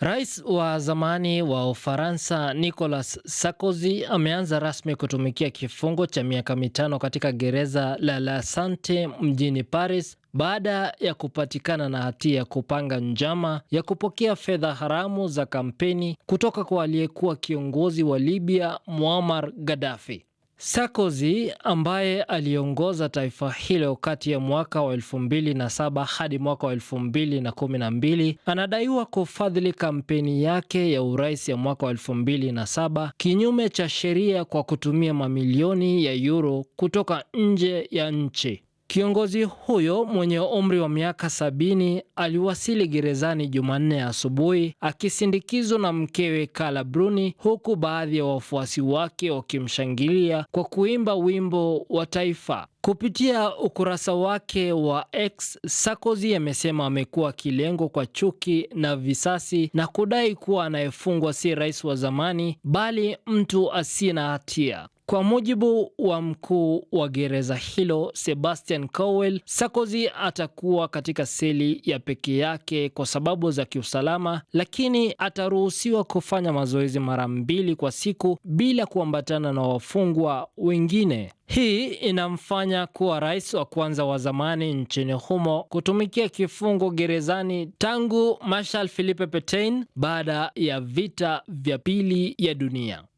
Rais wa zamani wa Ufaransa Nicolas Sarkozy ameanza rasmi kutumikia kifungo cha miaka mitano katika gereza la La Sante mjini Paris baada ya kupatikana na hatia ya kupanga njama ya kupokea fedha haramu za kampeni kutoka kwa aliyekuwa kiongozi wa Libya Muammar Gaddafi. Sarkozy ambaye aliongoza taifa hilo kati ya mwaka wa 2007 hadi mwaka wa 2012 anadaiwa kufadhili kampeni yake ya urais ya mwaka wa 2007 kinyume cha sheria kwa kutumia mamilioni ya euro kutoka nje ya nchi. Kiongozi huyo mwenye umri wa miaka sabini aliwasili gerezani Jumanne asubuhi akisindikizwa na mkewe Kala Bruni, huku baadhi ya wafuasi wake wakimshangilia kwa kuimba wimbo wa taifa. Kupitia ukurasa wake wa X, Sarkozy amesema amekuwa kilengo kwa chuki na visasi na kudai kuwa anayefungwa si rais wa zamani bali mtu asiye na hatia. Kwa mujibu wa mkuu wa gereza hilo Sebastian Cowell, Sarkozy atakuwa katika seli ya peke yake kwa sababu za kiusalama, lakini ataruhusiwa kufanya mazoezi mara mbili kwa siku bila kuambatana na wafungwa wengine. Hii inamfanya kuwa rais wa kwanza wa zamani nchini humo kutumikia kifungo gerezani tangu Marshal Philippe Petain baada ya vita vya pili ya dunia.